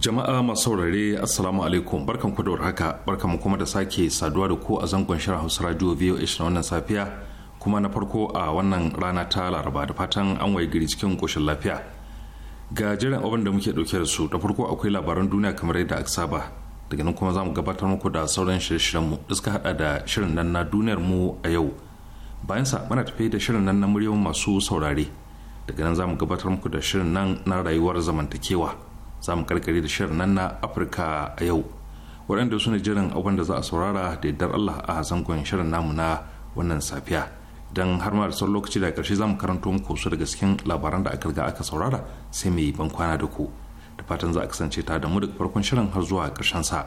Jama'a masu saurare Assalamu alaikum barkan ku da haka barkan mu kuma da sake saduwa da ku a zangon shirin Hausa Radio VOH na wannan safiya kuma na farko a wannan rana ta Laraba da fatan an waye gari cikin koshin lafiya. Ga jiran abin da muke dauke da su da farko akwai labaran duniya kamar yadda aka saba daga nan kuma za mu gabatar muku da sauran shirye-shiryen mu da suka hada da shirin nan na duniyar mu a yau. Bayan sa muna tafi da shirin nan na muryoyin masu saurare daga nan za mu gabatar muku da shirin nan na rayuwar zamantakewa. za mu karkari da shirin nan na afirka a yau waɗanda su ne jiran abin da za a saurara da yardar allah a zangon shirin namu na wannan safiya don har ma da sauran lokaci da ƙarshe za mu karanto muku su daga cikin labaran da aka riga aka saurara sai mai ban kwana da ku da fatan za a kasance ta da mu daga farkon shirin har zuwa ƙarshen sa.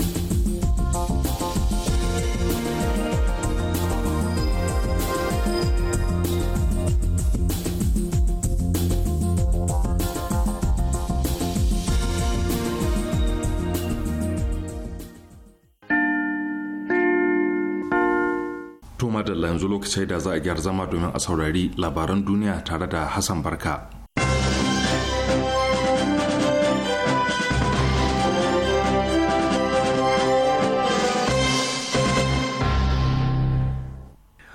yanzu lokacin da za a gyar zama domin a saurari labaran duniya tare da Hassan Barka.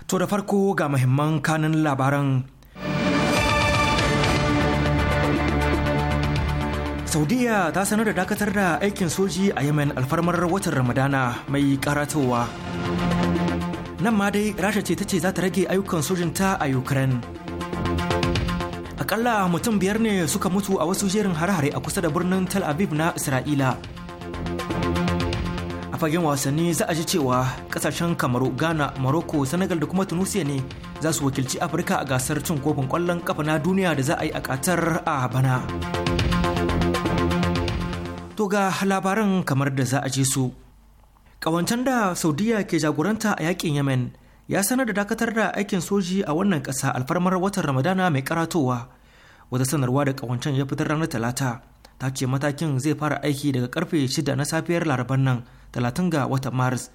To da farko ga muhimman kanin labaran saudiya ta sanar da dakatar da aikin soji a yemen alfarmar watan ramadana mai karatowa nan ma dai rasha ce ta ce za ta rage ayyukan sojinta a ukraine akalla mutum biyar ne suka mutu a wasu jerin hare a kusa da birnin tel aviv na isra'ila a fagen wasanni za a ji cewa kasashen kamaru ghana morocco senegal da kuma tunisia ne za su wakilci afirka a gasar cin kofin kwallon kafa na duniya da za a yi a katar a bana to ga labaran kamar da za a je su kawancen da Saudiya ke jagoranta a yakin Yemen ya sanar da dakatar da aikin soji a wannan kasa alfarmar watan Ramadana mai karatowa. Wata sanarwa da kawancen ya fitar ranar Talata ta ce matakin zai fara aiki daga karfe 6 na safiyar Laraban nan 30 ga watan Maris.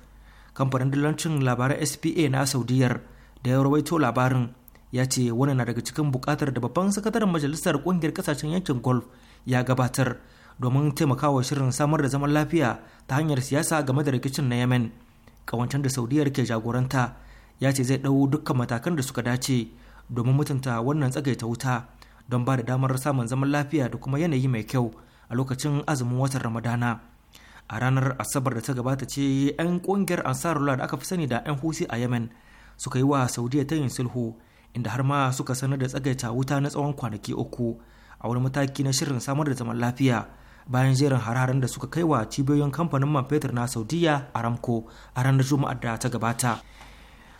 Kamfanin dillancin labarai SPA na Saudiyar da ya rawaito labarin ya ce wani na daga cikin bukatar da babban sakataren majalisar kungiyar kasashen yankin golf ya gabatar domin taimakawa shirin samar da zaman lafiya ta hanyar siyasa game da rikicin na yemen kawancin da saudiyar ke jagoranta ya ce zai ɗau dukkan matakan da suka dace domin mutunta wannan tsagaita wuta don ba da damar samun zaman lafiya da kuma yanayi mai kyau a lokacin azumin watan ramadana a ranar asabar da ta gabata ce 'yan kungiyar ansarullah da aka fi sani da 'yan husi a yemen suka yi wa saudiya ta yin sulhu inda har ma suka sanar da tsagaita wuta na tsawon kwanaki uku a wani mataki na shirin samar da zaman lafiya bayan jerin hararen da suka kaiwa cibiyoyin kamfanin man fetur na saudiya ramko a ranar juma'ar da ta gabata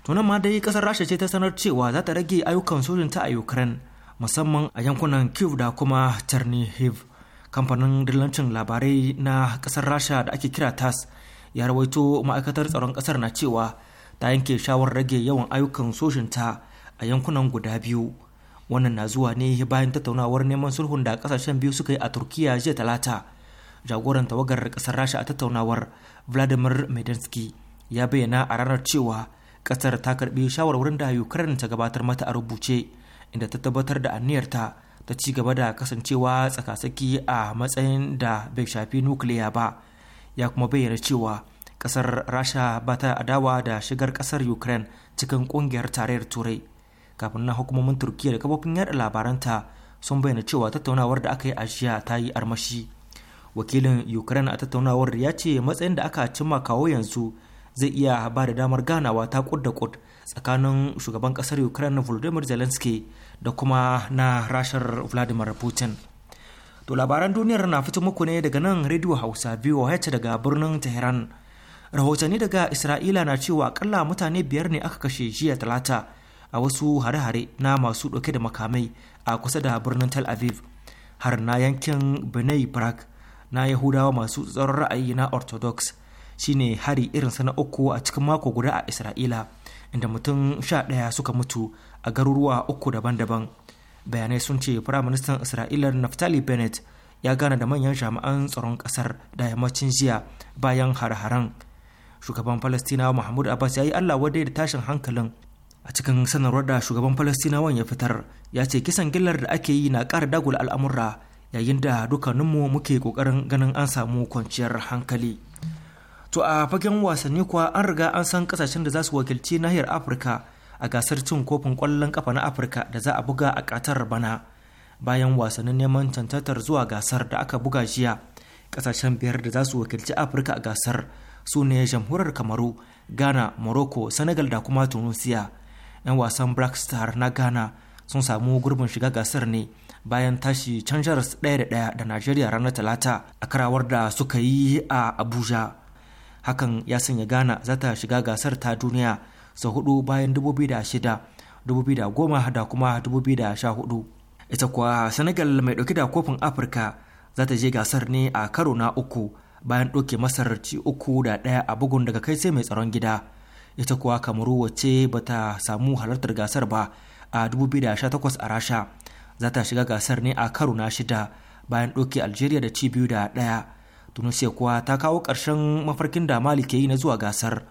tunan ma dai kasar rasha ce ta sanar cewa za ta rage ayyukan sojin ta a ukraine musamman a yankunan kiev da kuma chernihiv kamfanin dillancin labarai na kasar rasha da ake kira tas ya rawaito ma'aikatar tsaron kasar na cewa ta yanke shawarar rage yawan ayyukan sojin ta a yankunan guda biyu wannan na zuwa ne bayan tattaunawar neman sulhun da kasashen biyu suka yi a turkiya jiya talata jagoran tawagar kasar rasha a tattaunawar vladimir medinsky ya bayyana a ranar cewa kasar ta karbi shawarwarin da ukraine ta gabatar mata a rubuce inda ta tabbatar da aniyarta ta ci gaba da kasancewa tsakasaki a matsayin da bai shafi nukiliya ba ya kuma bayyana cewa kasar rasha ba ta adawa da shigar kasar ukraine cikin kungiyar tarayyar turai kafin na hukumomin turkiya da kafofin yada labaranta sun bayyana cewa tattaunawar da aka yi a jiya ta yi armashi wakilin ukraine a tattaunawar ya ce matsayin da aka cimma kawo yanzu zai iya ba da damar ganawa ta kud da kud tsakanin shugaban kasar ukraine volodymyr zelensky da kuma na rashar vladimir putin to labaran duniyar na fito muku ne daga nan radio hausa biyu voh daga birnin tehran rahotanni daga isra'ila na cewa akalla mutane biyar ne aka kashe jiya talata a wasu hare-hare na masu ɗauke da makamai a kusa da birnin tel aviv har na yankin benai brak na yahudawa masu tsaron ra'ayi na orthodox shine hari irinsa na uku a cikin mako guda a isra'ila inda mutum sha ɗaya suka mutu a garuruwa uku daban-daban bayanai sun ce firaministan isra'ila naftali bennett ya gana da manyan jami'an tsaron ƙasar da yammacin jiya bayan har-haren shugaban falastinawa mahmud abbas ya yi allah wadai da tashin hankalin a cikin sanarwar da shugaban falastinawan ya fitar ya ce kisan gillar da ake yi na kara dagula al'amurra yayin da dukkaninmu muke ƙoƙarin ganin an samu kwanciyar hankali to a fagen wasanni kuwa an riga an san kasashen da za su wakilci nahiyar afirka a gasar cin kofin kwallon kafa na afirka da za a buga a katar bana bayan wasannin neman cancantar zuwa gasar da aka buga jiya kasashen biyar da za su wakilci afirka a gasar su ne jamhuriyar kamaru ghana morocco senegal da kuma tunisia 'yan wasan black star na ghana sun samu gurbin shiga gasar ne bayan tashi can ɗaya da ɗaya da najeriya ranar talata a karawar da suka yi a abuja hakan ya sanya ghana za ta shiga gasar ta duniya sau hudu bayan 2006 2010 da kuma 2014 ita kuwa senegal mai ɗauke da kofin afirka za ta je gasar ne a karo na uku bayan ɗauke masar uku da ɗaya a bugun daga kai sai mai tsaron gida ita kuwa kamaru wacce ba ta samu halartar gasar ba a 2018 a rasha za ta shiga gasar ne a karo na shida bayan ɗauke algeria da ci biyu da ɗaya tunisia kuwa ta kawo ƙarshen mafarkin da mali ke yi na zuwa gasar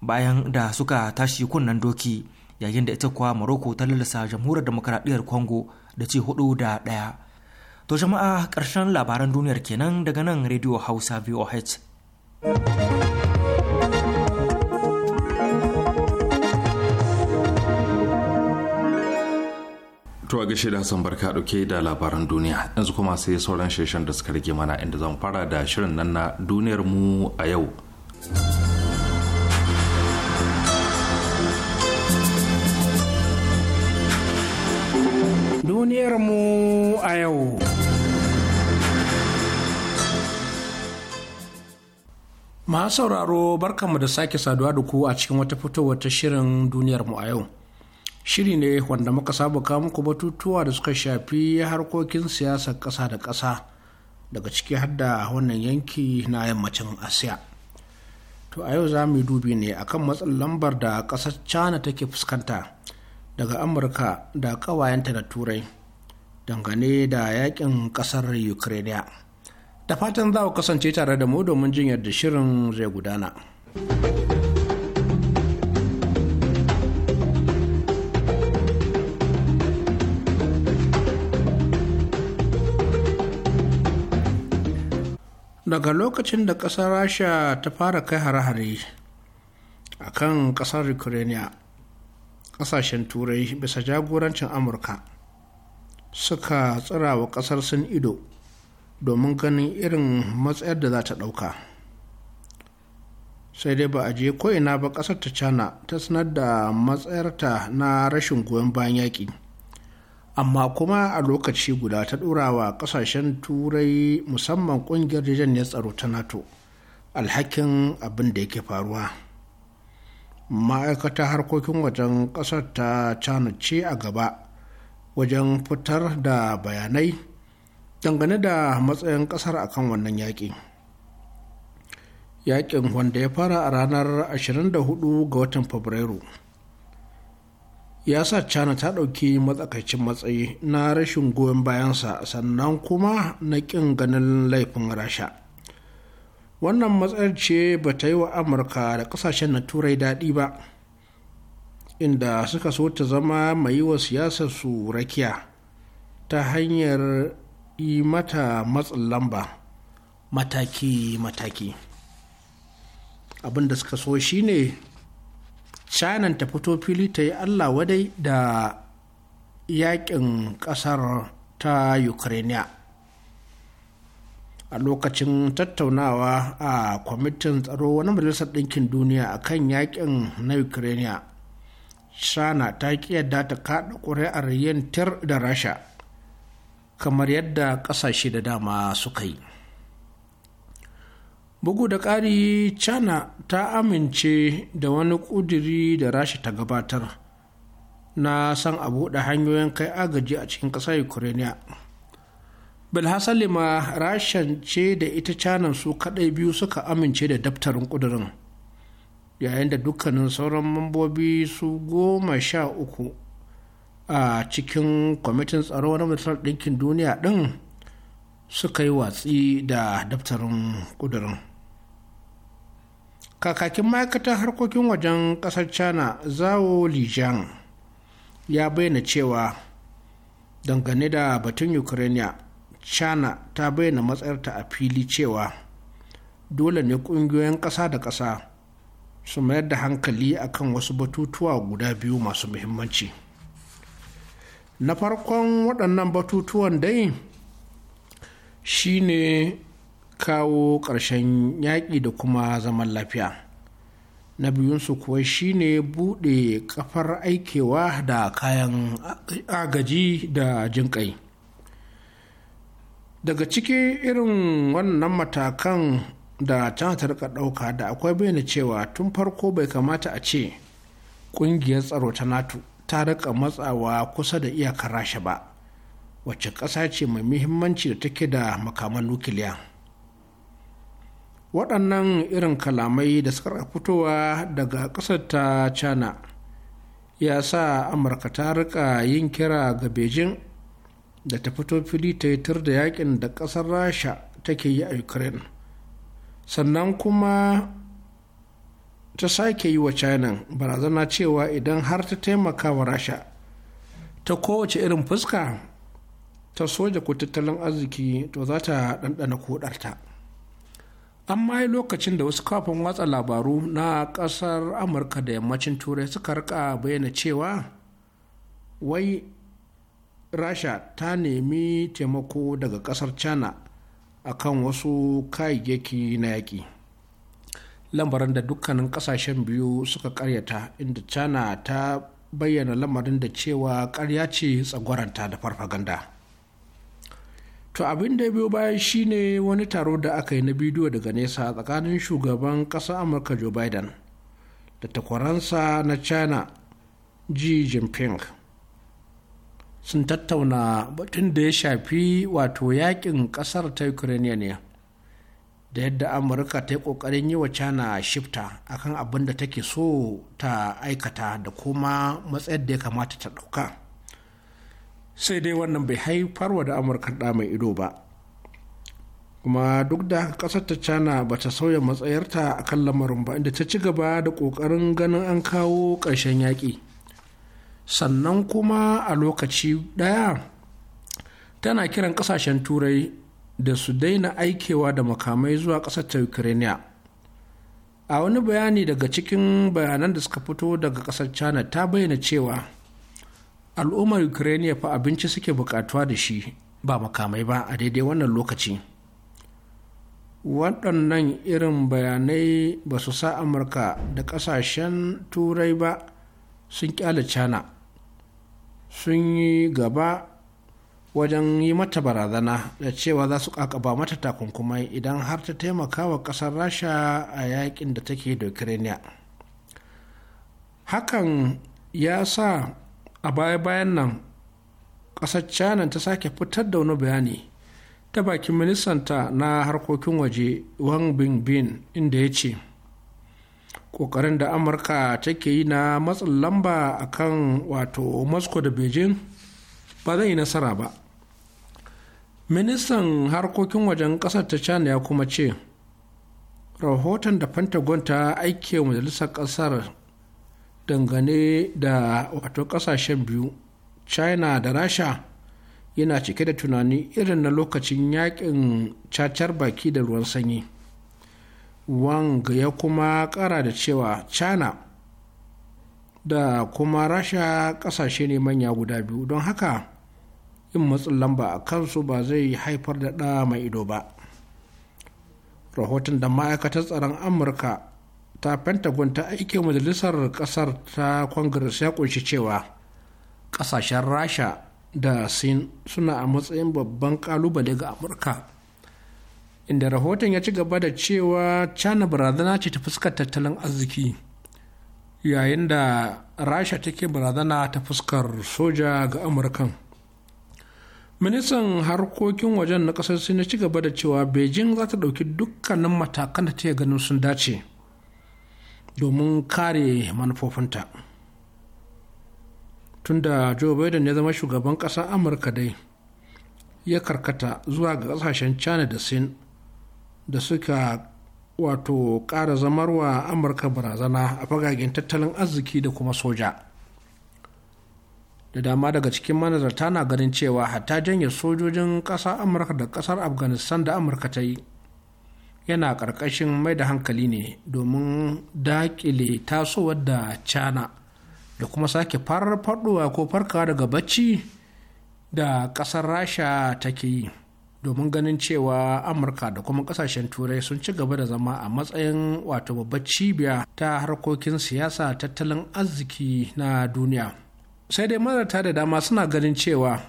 bayan da suka tashi kunnen doki yayin da ita kuwa morocco ta lalasa jamhuriyar demokaradiyyar congo da ci hudu da ɗaya to jama'a karshen labaran duniyar kenan daga nan radio hausa voh Tuwa gashi da Hassan Barka dauke da labaran duniya yanzu kuma sai sauran sheshen da suka rage mana inda zan fara da shirin nan na duniyar mu a yau. Duniyar mu a yau. Masu sauraro barkanmu da sake saduwa da ku a cikin wata fitowar ta shirin duniyar mu a yau. shiri ne wanda muka saba kawo muku batutuwa da suka shafi harkokin siyasar ƙasa da ƙasa daga ciki har da wannan yanki na yammacin asiya to a yau za mu yi dubi ne akan matsin lambar da ƙasar china take fuskanta daga amurka da ƙawayenta da turai dangane da yakin ƙasar ukraine da fatan za ku kasance tare da mu domin jin yadda shirin zai gudana. daga lokacin da ƙasar rasha ta fara kai hare-hare a kan ƙasar ukraine ƙasashen turai bisa jagorancin amurka suka tsira wa ƙasar sun ido domin ganin irin matsayar da za ta ɗauka sai dai ba a je ko'ina ba ƙasar ta china ta sanar da matsayarta na rashin goyon bayan yaƙi amma kuma a lokaci guda ta ɗorawa wa ƙasashen turai musamman ƙungiyar jijiyar tsaro ta nato alhakin abin da yake faruwa Ma'aikata harkokin wajen ƙasar ta cana ce a gaba wajen fitar da bayanai dangane da matsayin ƙasar akan wannan yaƙi yaƙin wanda ya fara a ranar 24 ga watan fabrairu ya sa china ta ɗauki matsakaicin matsayi na rashin goyon bayansa sannan kuma na ƙin ganin laifin rasha wannan matsayar ce ba ta yi wa amurka da ƙasashen na turai daɗi ba inda suka so ta zama mai yi wa siyasar su rakiya ta hanyar yi mata matsin lamba mataki-mataki abinda suka so shine china ta fito fili ta yi allah wadai da yakin kasar ta ukraine a lokacin tattaunawa a kwamitin tsaro wani majalisar ɗinkin duniya a kan yakin na ukraine china ta ƙi yadda ta kaɗa ƙuri'ar yin tir da rasha kamar yadda ƙasashe da dama suka yi bugu da ƙari china ta amince da wani ƙudiri da rashi ta gabatar na san a buɗe hanyoyin kai agaji a cikin ƙasar ukraine bilhassali lima ce da ita canan su kaɗai biyu suka amince da daftarin ƙudurin yayin da dukkanin sauran mambobi su goma sha uku a cikin kwamitin tsaro na majalisar ɗinkin duniya ɗin suka yi watsi da daftarin ƙudurin kakakin ma'aikatan harkokin wajen kasar china zao lijian ya bayyana cewa dangane da batun ukraine china ta bayyana matsayarta a fili cewa dole ne kungiyoyin ƙasa da ƙasa su mayar da hankali akan wasu batutuwa guda biyu masu muhimmanci na farkon waɗannan batutuwan dai shine kawo ƙarshen yaƙi da kuma zaman lafiya na biyunsu kuwa shine buɗe kafar aikewa da kayan agaji da jinƙai daga ciki irin wannan matakan da can ta rika ɗauka da akwai bayyana cewa tun farko bai kamata a ce ƙungiyar tsaro ta nato ta rika matsawa kusa da iyakar rasha ba wacce ƙasa ce mai muhimmanci da take da makaman nukiliya. waɗannan irin kalamai da suka fitowa daga ƙasar ta china ya sa amurka ta rika yin kira ga beijing da ta fito fili ta yi tur da yakin da ƙasar rasha take yi a ukraine sannan kuma ta sake yi wa china barazana cewa idan har ta taimaka wa rasha ta kowace irin fuska ta soja ko tattalin arziki to za ta ɗanɗana kodarta. amma yi lokacin da wasu kafin watsa labaru na kasar amurka da yammacin turai suka rika bayyana cewa wai rasha ta nemi taimako daga kasar china akan wasu kayayyaki na yaƙi lamarin da dukkanin kasashen biyu suka karyata inda china ta bayyana lamarin da cewa karya ce tsagwaranta da farfaganda. to abin da biyo baya shine wani taro da aka yi na bidiyo daga nesa tsakanin shugaban ƙasa amurka joe biden da takwaransa na china xi jinping sun tattauna batun da ya shafi wato yakin ƙasar ta ukraine ne da yadda amurka ta yi ƙoƙarin yi wa china shifta akan abin da take so ta aikata da kuma matsayar da ya kamata ta ɗauka. sai dai wannan bai haifar wa da amurka da mai ido ba kuma duk da kasar ta china ba ta sauya matsayarta a kan lamarin ba inda ta ci gaba da ƙoƙarin ganin an kawo ƙarshen yaƙi sannan kuma a lokaci ɗaya tana kiran ƙasashen turai da su daina aikewa da makamai zuwa ƙasar ta ukraine a wani bayani daga cikin bayanan da suka fito daga ƙasar china ta bayyana cewa al'ummar ukraine fa abinci suke bukatuwa da shi ba makamai ba a daidai wannan lokaci waɗannan irin bayanai ba su sa amurka da ƙasashen turai ba sun kyale cana sun yi gaba wajen yi mata barazana da cewa za su ƙaƙaba mata takunkumai idan har ta taimaka wa ƙasar rasha a yakin da take da ukraine hakan ya sa a baya-bayan nan ƙasar china ta sake fitar da wani bayani ta bakin ministanta na harkokin waje wang bin inda ya ce ƙoƙarin da amurka take yi na matsin lamba a kan wato moscow da beijing ba zai yi nasara ba ministan harkokin wajen ƙasar ta china ya kuma ce rahoton da pentagon ta aike majalisar ƙasar dangane da wato kasashen biyu china da rasha yana cike da tunani irin na lokacin yakin cacar baki da ruwan sanyi wang ya kuma kara da cewa china da kuma rasha kasashe ne manya guda biyu don haka yin matsin lamba a kansu ba zai haifar da ɗa mai ido ba rahoton da ma'aikatar tsaron amurka ta pentagon ta aike majalisar kasar ta congress ya kunshi cewa kasashen rasha da sin suna a matsayin babban kalubale ga amurka inda rahoton ya ci gaba da cewa china barazana ce ta fuskar tattalin arziki yayin da rasha take barazana ta fuskar soja ga amurkan ministan harkokin wajen na kasar ya ci gaba da cewa beijing za ta ɗauki dukkanin matakan da ta ganin sun dace domin kare manufofinta tun da joe biden ya zama shugaban ƙasar amurka dai ya karkata zuwa ga ƙasashen china da sin da suka wato ƙara zamarwa amurka barazana a fagagen tattalin arziki da kuma soja da dama daga cikin manazarta na ganin cewa hatta janye sojojin ƙasa amurka da ƙasar afghanistan da amurka ta yi yana ƙarƙashin mai da hankali ne domin daƙile tasowar da cana da kuma sake farfaɗowa ko farkawa daga bacci da ƙasar rasha take yi domin ganin cewa amurka da kuma ƙasashen turai sun ci gaba da zama a matsayin wato babbar cibiya ta harkokin siyasa tattalin arziki na duniya sai dai marata da dama suna ganin cewa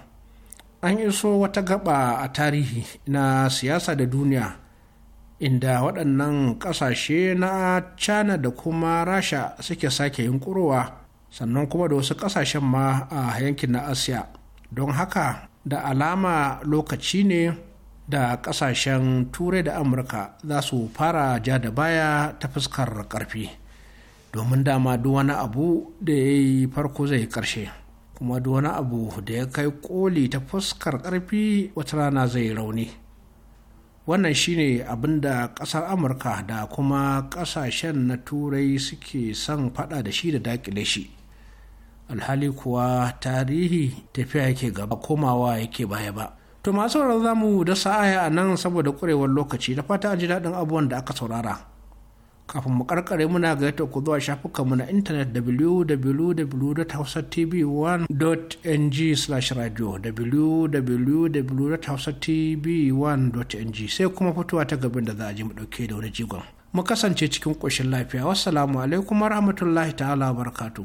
an iso wata gaba a tarihi na siyasa da duniya inda waɗannan ƙasashe na china da kuma rasha suke sake ƙurowa sannan kuma da wasu ƙasashen ma a yankin na asiya don haka da alama lokaci ne da ƙasashen turai da amurka za su fara ja da baya ta fuskar ƙarfi domin dama duk wani abu da ya yi farko zai ƙarshe kuma duk wani abu da ya kai koli ta fuskar ƙarfi wata rana zai rauni. wannan shine abin da kasar amurka da kuma kasashen na turai suke son fada da shi da dakile shi alhali kuwa tarihi tafiya yake gaba komawa yake baya ba to masu za mu da sa'aya a nan saboda kurewar lokaci da fata ji daɗin abubuwan da aka saurara kafin mu karkare muna gaita ku zuwa shafukanmu na intanet www.hausatv1.ng/radio www.hausatv1.ng sai kuma fitowa ta gabin da za a ji mu dauke da wani jigon mu kasance cikin ƙoshin lafiya wassalamu alaikum warahmatullahi ta'ala barakatuh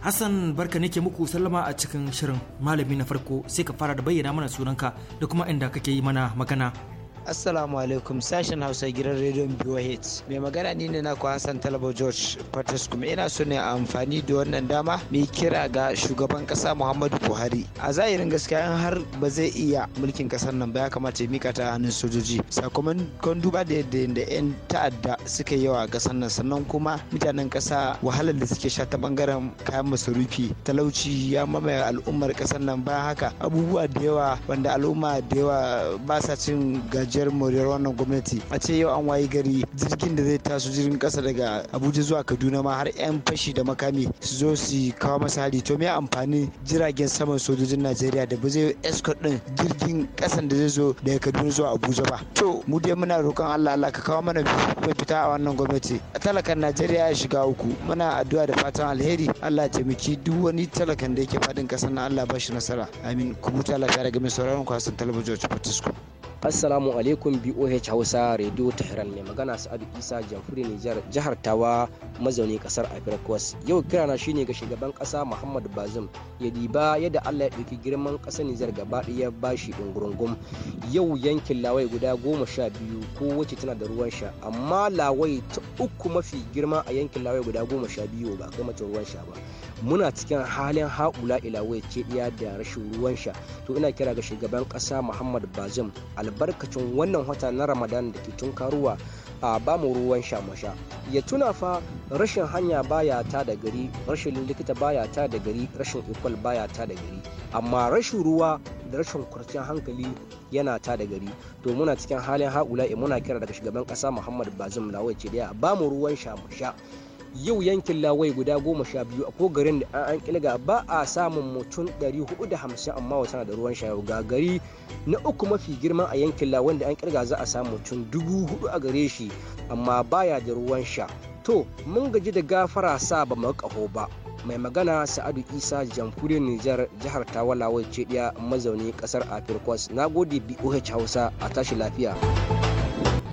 Hassan barka ke muku sallama a cikin shirin malami na farko sai ka fara da bayyana mana sunanka da kuma inda kake yi mana magana. Assalamu alaikum sashen Hausa gidan rediyon BOH. Mai magana ni ne naku Hassan Talabo George kuma Ina so ne amfani da wannan dama mai kira ga shugaban kasa Muhammadu Buhari. A zahirin gaskiya in har ba zai iya mulkin kasar nan ba ya kamata ya mika ta hannun sojoji. Sakamakon duba da yadda 'yan ta'adda suka yi yawa a kasar nan sannan kuma mutanen kasa wahalar da suke sha ta bangaren kayan masarufi talauci ya mamaye al'ummar kasar nan bayan haka abubuwa da yawa wanda al'umma da yawa ba sa cin gajiyar. ciyar moriyar wannan gwamnati a ce yau an wayi gari jirgin da zai taso jirgin kasa daga abuja zuwa kaduna ma har yan fashi da makami su zo su kawo masa hali to me amfani jiragen saman sojojin najeriya da ba zai escort din jirgin kasan da zai zo daga kaduna zuwa abuja ba to mu dai muna roƙon allah allah ka kawo mana fita a wannan gwamnati a talakan najeriya ya shiga uku muna addu'a da fatan alheri allah ya taimaki duk wani talakan da yake faɗin ƙasar na allah ba shi nasara amin ku huta lafiya daga mai sauraron kwasan talabijin wacce Assalamu alaikum BOH Hausa Radio Tehran mai magana Sa'adu Isa Jamhuri Nijar jihar Tawa mazauni kasar Afirkos. Yau kirana shine ga shugaban kasa Muhammad Bazum ya diba yadda Allah ya ɗauki girman kasar Nijar gaba ɗaya bashi ɗungurungum. Yau yankin Lawai guda goma sha biyu ko wacce tana da ruwan sha amma Lawai ta uku mafi girma a yankin Lawai guda goma sha biyu ba kai mata ruwan sha ba. muna cikin halin haƙula ilawai ce iya da rashin ruwan sha to ina kira ga shugaban ƙasa muhammad bazim albarkacin wannan wata na ramadan da ke tunkaruwa a ba mu ruwan sha masha ya tuna fa rashin hanya baya ta da gari rashin likita baya ta da gari rashin ikwal baya ta da gari amma rashin ruwa da rashin kwanciyar hankali yana ta da gari to muna cikin halin haƙula muna kira daga shugaban ƙasa muhammad bazim lawai ce da ba mu ruwan sha masha yau yankin lawai guda goma sha biyu a garin da an kilga ba a samun mutum 450 amma wata da ruwan sha ga gari na uku mafi girma a yankin lawan da an kirga za a samu mutum dubu hudu a gare shi amma baya da ruwan sha to mun gaji da gafara sa ba mu kaho ba mai magana sa'adu isa jamhuriyar nijar jihar tawalawai ce mazauni kasar afirkos na gode boh hausa a tashi lafiya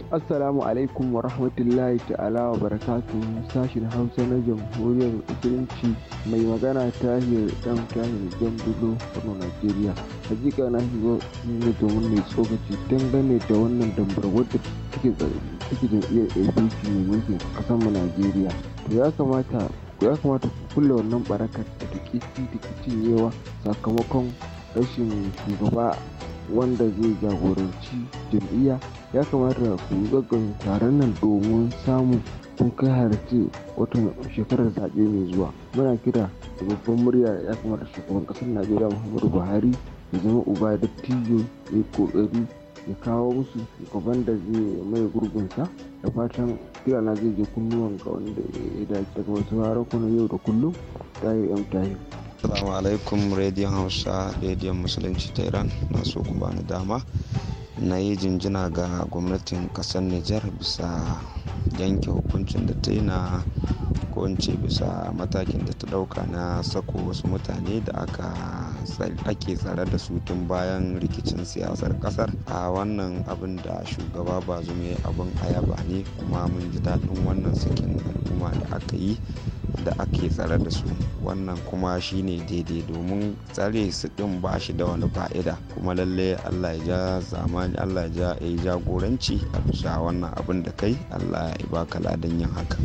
Assalamu alaikum wa rahmatullahi ta'ala wa barakatu sashin Hausa na jamhuriyar Musulunci mai magana ta tahir dan tahir jambulo nigeria Najeriya. Hakika na hiyo ne domin mai tsokaci dangane da wannan dambar da take jam'iyyar APC mai mulkin mu Najeriya. To ya kamata ya kamata ku kulle wannan barakar da take ci da sakamakon rashin shugaba wanda zai jagoranci jam'iyya ya kamata ku gaggawa taron nan domin samun sun kai halarci wata shekarar zaɓe mai zuwa muna kira da babban murya ya kamata shugaban ƙasar najeriya muhammadu buhari ya zama uba da tijo ya ƙoƙari ya kawo musu shugaban da zai mai gurgunsa da fatan kira na zai je kunnuwan ga wanda ya dace daga wasu harakunan yau da kullum yi yan tayo Assalamu alaikum Radio Hausa Radio Musulunci ta Iran na so ku bani dama na yi jinjina ga gwamnatin kasar Nijar bisa yanke hukuncin da ta yi na ko bisa matakin da ta dauka na sako wasu mutane da aka ake tsare da su tun bayan rikicin siyasar kasar a wannan abin da shugaba ba bazume abin ayaba ne kuma mun ji daɗin wannan sakin al'umma da aka yi da ake tsare da su wannan kuma shine daidai domin tsare su ɗin ba shi da wani fa'ida kuma lallai allah ya ja zamani allah ya ja jagoranci a bisa wannan abin da kai allah ya baka ladan yin haka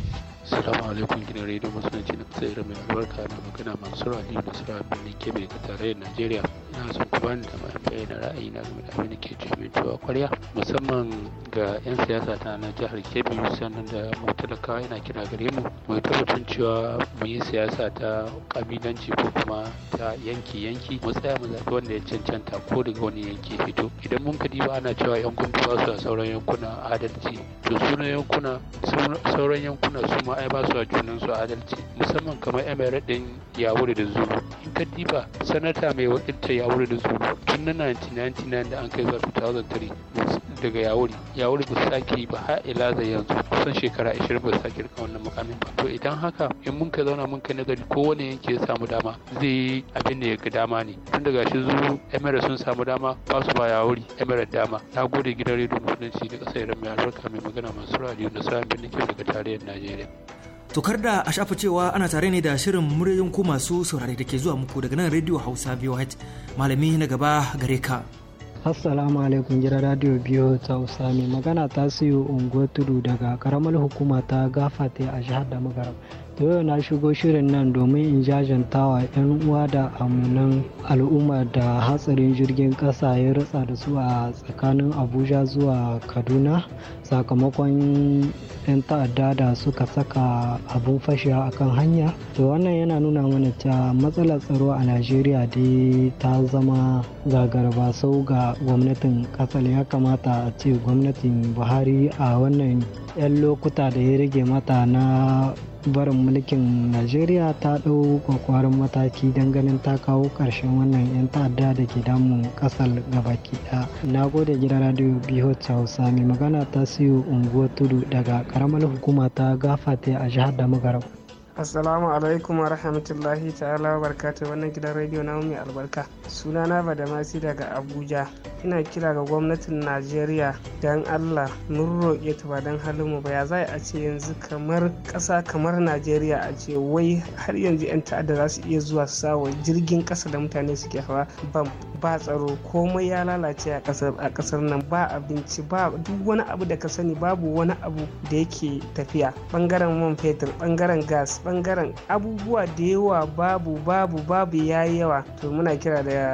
Assalamu alaikum gidan rediyo musulunci na kasar mai albarka na magana masu ra'ayi da sura birnin kebe tarayyar Najeriya. Ina son ku bani da mai bayyana ra'ayi na game da abin da ke tuwa kwarya musamman ga 'yan siyasa ta na jihar Kebbi sannan da mu talakawa yana kira gare mu mu tabbatar cewa mu yi siyasa ta kabilanci ko kuma ta yanki yanki mu tsaya mu zaɓi wanda ya cancanta ko daga wani yanki fito idan mun kadi ba ana cewa yan kuntu ba su sauran yankuna adalci to sunan yankuna sauran yankuna su ma ai ba su a junan su adalci musamman kamar emir din yawuri da zulu in ka diba sanata mai wakiltar yawuri da zulu tun na 1999 da an kai zuwa 2003 daga yawuri yawuri ba sake ba har ila da yanzu kusan shekara 20 ba sake rika wannan makamin ba to idan haka in mun ka zauna mun kai nazari wani yanki ya samu dama zai yi abin da ya ga dama ne tun daga shi zulu emir sun samu dama ba su ba yawuri emir dama na gode gidan rediyon musulunci da kasar mai albarka mai magana masu radiyo na sa'an birnin daga tarayyar najeriya Tokar da a shafa cewa ana tare ne da shirin muryoyin ku masu saurare da ke zuwa muku daga nan Radio Hausa hat malami na gaba gare ka. Assalamu alaikum gidan radio biyo ta ne magana ta siyo unguwar tudu daga karamar hukuma ta ta a jihar da magaram. to yau na shigo shirin nan domin in jajanta 'yan uwa da amunan al'umma da hatsarin jirgin ƙasa ya ratsa da su a tsakanin abuja zuwa kaduna sakamakon 'yan ta'adda da suka saka abun a kan hanya to wannan yana nuna mana ta matsalar tsaro a najeriya dai ta zama zagarba sau ga gwamnatin ƙasar ya kamata a ce gwamnatin buhari a wannan 'yan lokuta da ya rage mata na barin mulkin najeriya ta ɗau kwakwarin mataki don ganin ta kawo karshen wannan 'yan ta'adda da ke damun ƙasar gabaki ɗaya na gode gidan radio bihot hausa mai magana ta siyo unguwar tudu daga karamar hukuma ta gafate a jihar da magarau assalamu alaikum wa rahmatullahi ta'ala wa wannan gidan radio na mai albarka sunana badamasi daga abuja ina kira ga gwamnatin najeriya don allah mun roƙe ta ba don mu ba ya za a ce yanzu kamar ƙasa kamar najeriya a ce wai har yanzu 'yan ta'adda za su iya zuwa su sawa jirgin ƙasa da mutane suke hawa bam ba tsaro komai ya lalace a ƙasar nan ba abinci ba duk wani abu da ka sani babu wani abu da yake tafiya bangaren man fetur bangaren gas bangaren abubuwa da yawa babu babu babu yayi yawa to muna kira da ga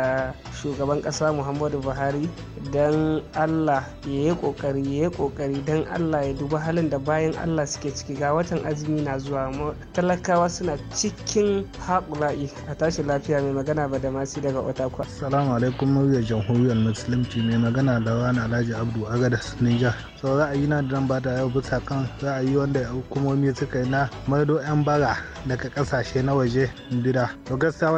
shugaban ƙasa muhammadu buhari don allah ya yi ƙoƙari ya yi kokari don allah ya duba halin da bayan allah suke ciki ga watan azumi na zuwa talakawa suna cikin haƙula'i a tashi lafiya mai magana ba da masu daga otakwa salamu alaikum muryar jamhuriyar musulunci mai magana da wani alhaji abdu agadas nijar sau ra'ayi na da ba da yau bisa kan ra'ayi wanda hukumomi suka yi na maido 'yan bara daga kasashe na waje gida to gaskiya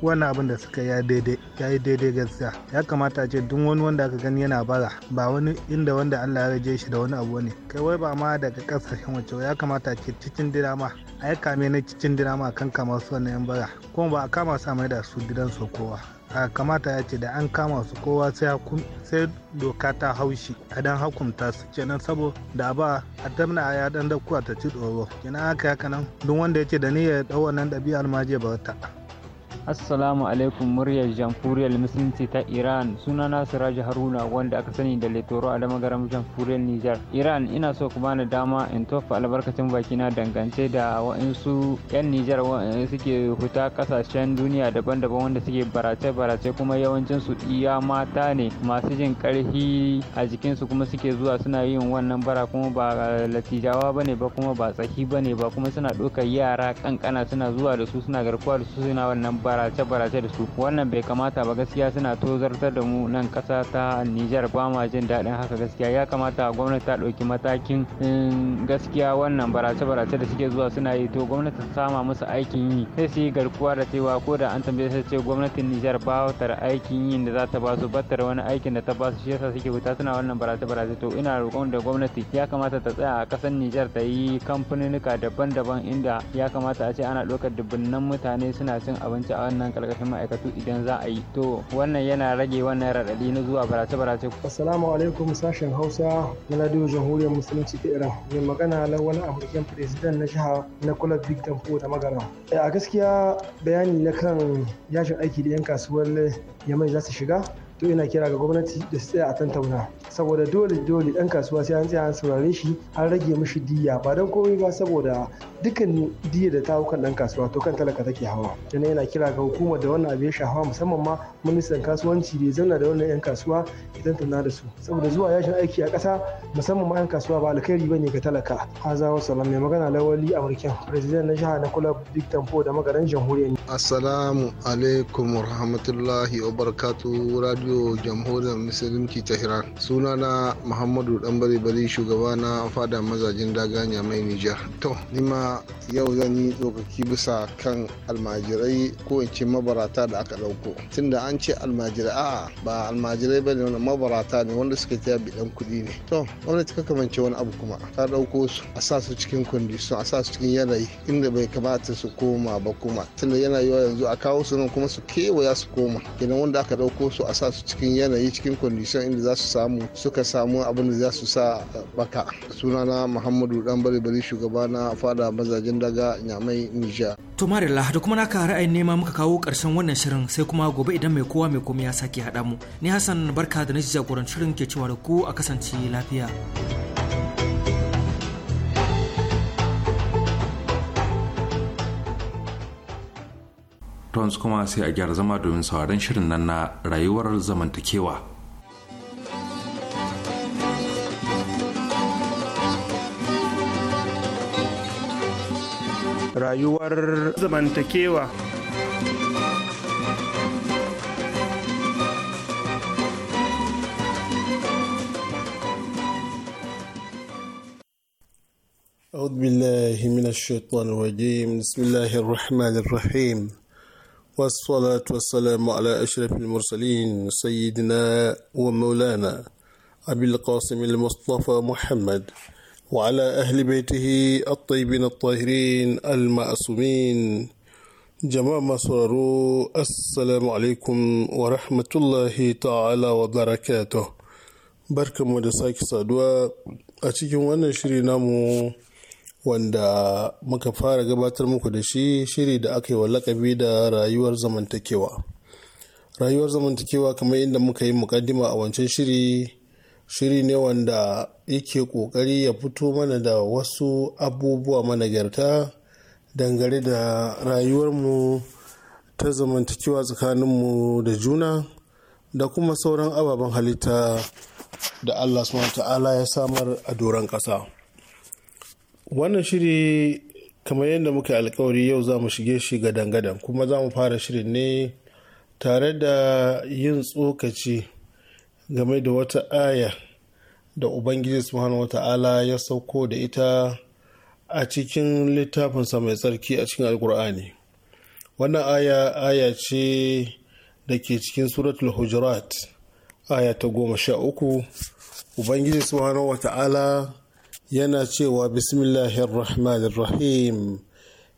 wannan abin da suka ya daidai ya yi daidai gaskiya ya kamata ce duk wani wanda aka gani yana bara ba wani inda wanda Allah ya rage shi da wani abu ne kai wai ba ma daga kasashen waje ya kamata ce cikin gida ma a yi kame na cikin gida ma kan kama su wannan 'yan bara kuma ba a kama su a maida su gidan kowa kamata ya ce da an kama su kowa sai doka ta haushi a dan hakunta su kenan saboda ba a tamna a yadan da kuwa ta ci tsoro kenan haka haka nan duk wanda ya ce da niyyar ɗau wannan ɗabi'ar ma je ba Assalamu alaikum muryar jamhuriyar musulunci ta Iran suna Siraju Haruna wanda aka sani da Letoro a garin jamhuriyar Nijar. Iran ina so ku bani dama in tofa albarkacin bakina dangance da wa'insu 'yan Nijar suke huta kasashen duniya daban-daban wanda suke barace-barace kuma yawancin iya mata ne masu jin karhi a jikinsu kuma suke zuwa suna yin wannan bara kuma ba latijawa bane ba kuma ba tsaki bane ba kuma suna ɗaukar yara kankana suna zuwa da su suna garkuwa da su suna wannan barace-barace da su wannan bai kamata ba gaskiya suna tozartar da mu nan kasa ta Nijar ba ma jin daɗin haka gaskiya ya kamata gwamnati ta ɗauki matakin gaskiya wannan barace-barace da suke zuwa suna yi to gwamnati ta sama musu aikin yi sai su yi garkuwa da cewa ko da an tambaye su ce gwamnatin Nijar ba ta aikin yin da za ta ba su ba wani aikin da ta ba su shi yasa suke wuta suna wannan barace-barace to ina roƙon da gwamnati ya kamata ta tsaya a ƙasar Nijar ta yi kamfanin daban-daban inda ya kamata a ce ana ɗaukar dubunnan mutane suna cin abinci a wannan karkashin ma'aikatu idan za a yi to wannan yana rage wannan raɗaɗi na zuwa barace-barace. assalamu alaikum sashen hausa na radio jamhuriyar musulunci ta iran mai magana wani amurken president na jiha na kula big tempo da magana eh, a gaskiya bayani na kan yashin aiki da yan kasuwar yamai za su shiga to ina kira ga gwamnati da su tsaya a tantauna saboda dole dole dan kasuwa sai an tsaya an saurare shi an rage mishi diya ba don komai ba saboda dukkan diya da ta hau kan dan kasuwa to kan talaka take hawa dan yana kira ga hukumar da wannan abu ya shafa musamman ma ministan kasuwanci da zanna da wannan yan kasuwa ya tantauna da su saboda zuwa yashin aiki a ƙasa musamman ma yan kasuwa ba alkhairi ne ga talaka hazawa salam mai magana lawali amurken president na jiha na kula big tampo da magaran jamhuriyar assalamu alaikum warahmatullahi wabarakatuh radio radio jamhuriyar musulunci ta suna na muhammadu dan bari shugaba na fada mazajen daganya mai nijar to nima yau zan yi tsokaki bisa kan almajirai ko in ce mabarata da aka dauko tunda an ce almajirai a'a ba almajirai ba ne wani mabarata ne wanda suka taya bidan kudi ne to wani ka kamance wani abu kuma ta dauko su a sa su cikin kondishin a sa su cikin yanayi inda bai kamata su koma ba kuma tunda yana yiwa yanzu a kawo su nan kuma su kewaya su koma idan wanda aka dauko su a sa su su cikin yanayi cikin kwandishan inda za su samu suka samu abin da za su sa baka sunana muhammadu dan bari bari shugaba na fada mazajen daga nyamai nija to marilla da kuma naka ra'ayin nema muka kawo karshen wannan shirin sai kuma gobe idan mai kowa mai komai ya sake haɗa mu ni hassan barka da na jagorancin shirin ke cewa da ku a kasance lafiya to yanzu kuma sai a gyara zama domin sauraron shirin nan na rayuwar zamantakewa rayuwar zamantakewa أعوذ بالله من الشيطان الرجيم بسم الله الرحمن الرحيم والصلاة والسلام على أشرف المرسلين سيدنا ومولانا أبي القاسم المصطفى محمد وعلى أهل بيته الطيبين الطاهرين المعصومين جماعة سرروا السلام عليكم ورحمة الله تعالى وبركاته بركة مدساك سادوا أتيكم وانا شرينا wanda muka fara gabatar muku da shi shiri da aka yi wa lakabi da rayuwar zamantakewa rayuwar zamantakewa kamar inda muka yi mukaddima a wancan shiri shiri ne wanda yake kokari ya fito mana da wasu abubuwa managarta dangane da rayuwarmu ta zamantakewa tsakaninmu da juna da kuma sauran ababen halitta da allah subhanahu ta'ala ya samar a doron ƙasa. wannan shiri kamar yadda muka alkawari yau za mu shige shi ga dangadan kuma za mu fara shirin ne tare da yin tsokaci game da wata aya da ubangiji subhanahu wata'ala ya sauko da ita a cikin littafinsa mai tsarki a cikin alkur'ani wannan aya aya ce da ke cikin suratul hujurat aya ta goma sha uku ubangiji subhanahu wata'ala yana cewa bismillahir rahmanir rahim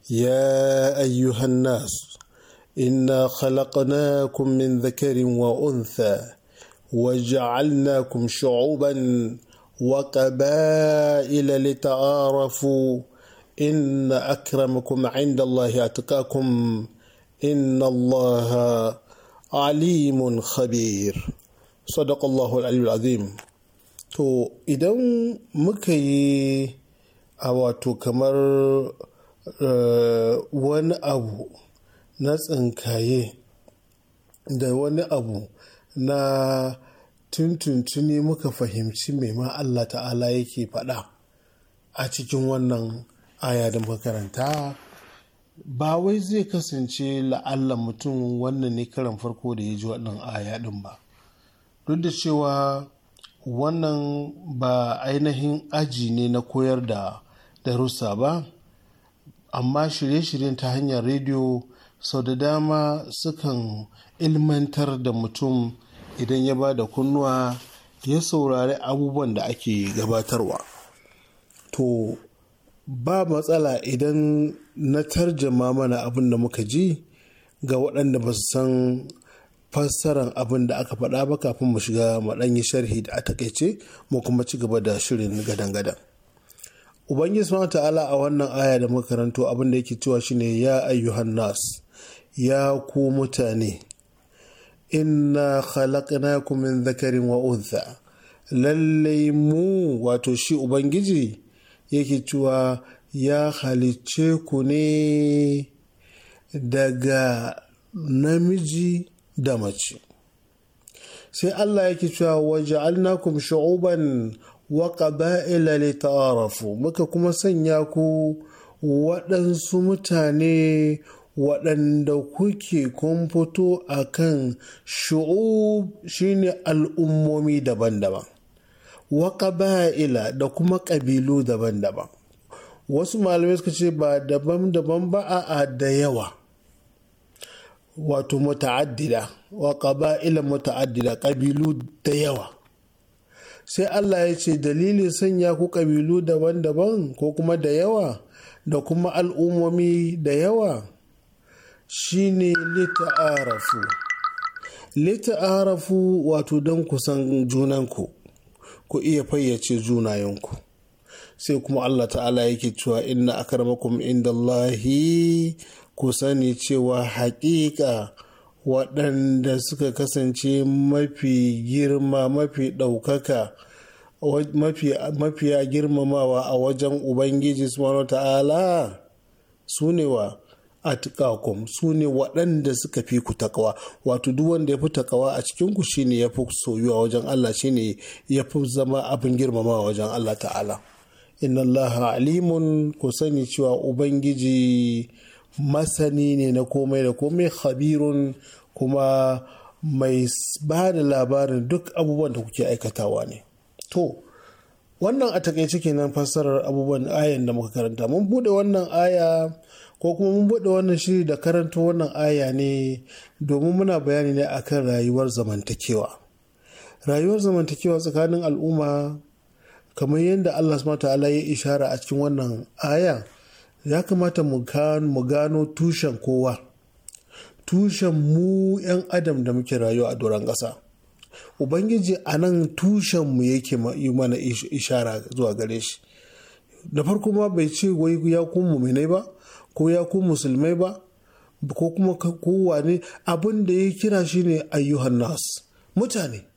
ya ayyuhan nas inna khalaqnakum min dhakarin wa untha وجعلناكم شعوبا وقبائل لتعارفوا ان اكرمكم عند الله اتقاكم ان الله عليم خبير صدق الله العلي العظيم to idan muka yi a wato kamar uh, wani abu na tsinkaye da wani abu na tuntuntuni muka fahimci mai ma Allah ta'ala yake faɗa a cikin wannan aya da makaranta ba wai zai kasance la'alla mutum wannan ne karan farko da ya ji wannan aya ɗin ba duk da cewa wannan ba ainihin aji ne na koyar da darussa ba amma shirye-shiryen ta hanyar rediyo sau da dama sukan ilmantar da mutum idan ya ba da kunnuwa ya saurari abubuwan da ake gabatarwa to ba matsala idan na tarjama mana abin da muka ji ga waɗanda ba su san fassaran abin da aka faɗa ba kafin mu shiga maɗanyi sharhi da a takaice mu kuma ci gaba da shirin gadan-gadan. Ubangiji subhanahu ta'ala a wannan aya da muka karanto abin da yake cewa shine ya ayyuhan nas ya ku mutane inna khalaqnakum min dhakarin wa untha lallai mu wato shi ubangiji yake cewa ya halicce ku ne daga namiji da mace sai Allah yake cewa waje alnakum shu'uban wa qaba'ila ta'arafu muka kuma sanya ku waɗansu mutane waɗanda kuke kun fito a kan shu'ub shine al'ummomi daban-daban wa qaba'ila da kuma ƙabilu daban-daban wasu malamai suka ce ba daban-daban ba a da yawa wato muta'addida wa ƙaba'ila muta'addida ƙabilu da yawa sai Allah ya ce dalilin sanya ku ƙabilu daban-daban ko kuma da yawa da kuma al'ummomi da yawa shine lita'arafu lita'arafu wato don kusan junanku ku iya fayyace junayenku sai kuma Allah ta'ala yake cewa inna inda Allahi. ku sani cewa haƙiƙa waɗanda suka kasance mafi girma mafi ɗaukaka mafiya girmamawa a wajen ubangiji subhanahu ta'ala su ne wa atqakum su ne waɗanda suka fi ku takawa wato duk wanda ya fi takawa a cikin ku shine ya fi soyuwa wajen Allah shine ya fi zama abin girmamawa wajen Allah ta'ala inna Allah alimun ku sani cewa ubangiji masani ne na komai da komai khabirun kuma mai ba da labarin duk abubuwan da kuke aikatawa ne to wannan a takaice kenan fassarar abubuwan ayan da muka karanta mun bude wannan aya ko kuma mun bude wannan shiri da karanta wannan aya ne domin muna bayani ne akan rayuwar zamantakewa rayuwar zamantakewa tsakanin al'umma kamar yadda allah ta'ala ya ishara a cikin wannan aya ya kamata mu gano tushen kowa tushen mu 'yan adam da muke rayuwa a doron ƙasa ubangiji a nan tushen mu yake yi mana ishara zuwa gare shi da farko ma bai ce wai ya ku muminai ba ko ya ku musulmai ba ko kuma kowa ne abin da ya kira shi ne ayyuhan nas mutane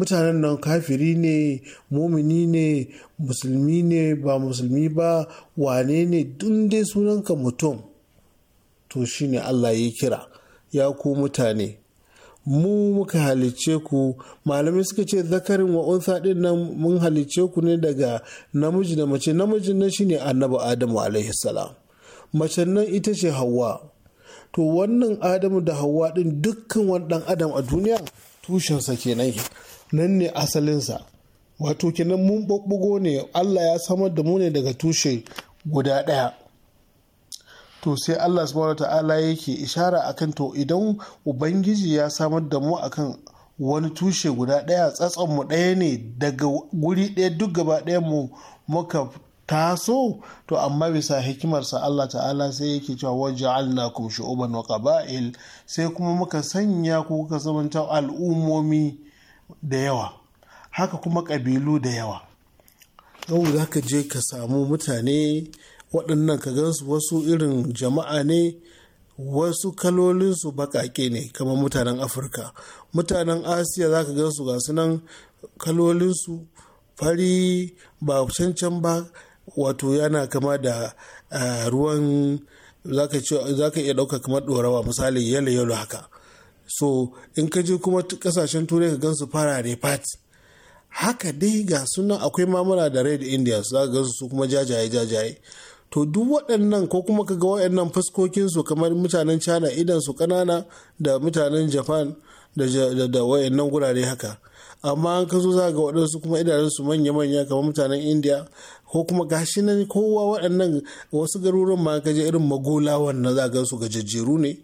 mutanen nan kafiri ne mumini ne musulmi ne ba musulmi ba wane ne dai sunanka mutum to shine allah ya kira ya ku mutane mu muka halicce ku malamai suka ce zakarin wa unsa din nan mun halicce ku ne daga namiji da mace namijin nan shine annabi adamu alaihi salam mace nan ita ce hawa to wannan adamu da hawa din dukkan wani adam a duniya tushensa kenan nan ne asalinsa wato kenan mun ɓaɓɓugo ne allah ya samar da mu ne daga tushe guda ɗaya to sai allah subhanahu ta'ala yake ishara akan to idan ubangiji ya samar da mu akan wani tushe guda ɗaya tsatson mu ɗaya ne daga guri ɗaya duk gaba ɗaya mu muka taso to amma bisa hikimarsa Allah ta'ala sai yake cewa waje kum kumshi wa qaba'il sai kuma muka sanya ku kuka zamanta al'ummomi? da yawa haka kuma ƙabilu da yawa yau za ka je ka samu mutane waɗannan ka gansu wasu irin jama'a ne wasu kalolinsu baƙaƙe ne kamar mutanen afirka mutanen asiya za ka gansu ga nan kalolinsu fari ba cancan ba wato yana kama da eh, ruwan za ka iya ɗauka kamar ɗorawa misali yalo yalo haka so in ka je kuma kasashen turai ka gan su farare fat haka dai ga sunan akwai mamura da red su za ka su kuma jajaye jajaye to duk waɗannan ko kuma ka ga waɗannan fuskokinsu kamar mutanen china idan su kanana da mutanen japan da, da, da waɗannan gurare haka amma an ka zo za ga waɗansu kuma idanunsu manya-manya kamar mutanen india ko kuma gashi nan kowa waɗannan wasu garuruwan ma ka je irin magola na za ga su gajejjeru ne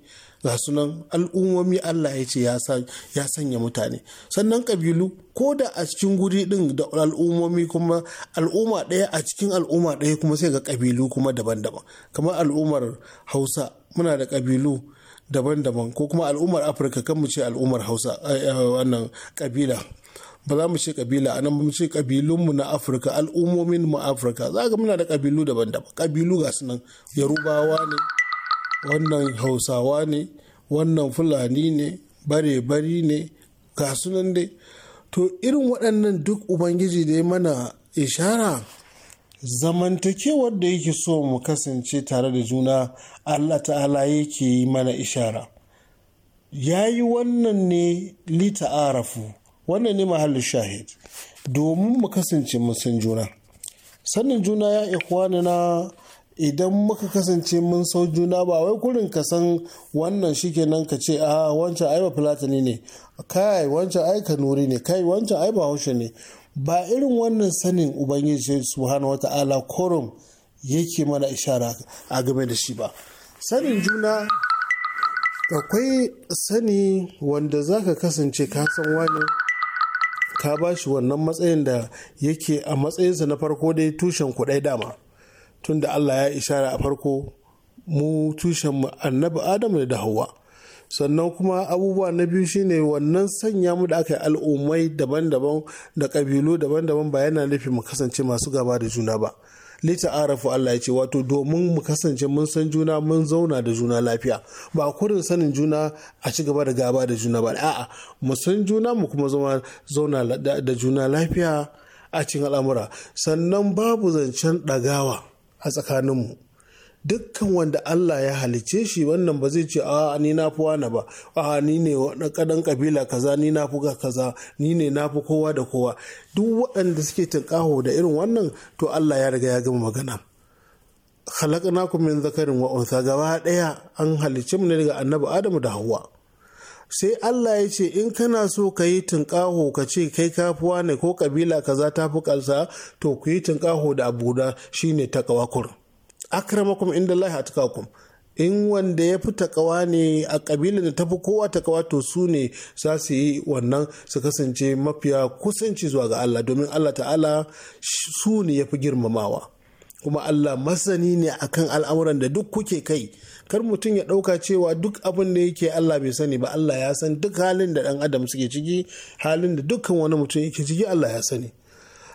ga sunan al'ummomi Allah ya ce ya sanya mutane sannan kabilu ko da a cikin guri din da al'ummomi kuma al'umma ɗaya a cikin al'umma ɗaya kuma sai ga kabilu kuma daban-daban kamar al'ummar hausa muna da kabilu daban-daban ko kuma al'ummar afirka kan mu ce al'ummar hausa eh, eh, wannan kabila ba za mu ce kabila anan mu ce kabilunmu na afirka al'ummomin mu afirka za ga muna da kabilu daban-daban kabilu ga sunan yarubawa ne wannan hausawa ne wannan fulani ne bare-bari ne ga sunan dai to irin waɗannan duk ubangiji da ya mana ishara zamantakewar da yake so mu kasance tare da juna allah ta'ala yake yi mana ishara ya yi wannan ne arafu, wannan ne mahallin shahid domin mu kasance mun juna sanin juna ya na idan muka kasance mun sau juna ba wai kurin ka san wannan shi shikenan ka ce a wancan ai ba fulatani ne kai wancan ai kanuri ne kai wancan ai ba haushe ne ba irin wannan sanin ubangiji subhanahu ala korum yake mana ishara a game da shi ba sanin juna akwai sani wanda za ka kasance ka san wani ka ba shi wannan matsayin da yake a matsayinsa na farko dai tushen kuɗai dama tun da Allah ya ishara a farko mu tushen annabi Adamu da Hauwa. sannan kuma abubuwa na biyu shine wannan sanya mu da aka yi al'ummai daban-daban da ƙabilu daban-daban ba yana nufin mu kasance masu gaba da juna ba lita arafu Allah ya ce wato domin mu kasance mun san juna mun zauna da juna lafiya ba kurin sanin juna a ci gaba da gaba da juna ba a'a mu san juna mu kuma zauna da juna lafiya a cikin al'amura sannan babu zancen dagawa. a tsakaninmu dukkan wanda Allah ya halice shi wannan ba zai ce a ni na fi wani ba a ni ne na kadan kabila kaza ni na fi kaza ni ne na fi kowa da kowa duk waɗanda suke tunƙaho da irin wannan to Allah ya riga ya gama magana khalaqnakum min zakarin wa gaba daya an halice mu ne daga annabi Adamu da Hawwa sai Allah ya ce in kana so ka yi tunƙaho ka ce kai kafuwa ne ko kabila kaza ta fi kalsa to ku yi tunƙaho da abuda shine takawakur akramakum inda Allah atkakum in wanda ya fi takawa ne a ƙabilar da ta fi kowa takawa to su ne za su yi wannan su kasance mafiya kusanci zuwa ga Allah domin Allah ta'ala su ne ya fi girmamawa kuma Allah masani ne akan al'amuran da duk kuke kai kar mutum ya ɗauka cewa duk abin da yake Allah bai sani ba Allah ya san duk halin da ɗan adam suke ciki halin da dukkan wani mutum yake ciki Allah ya sani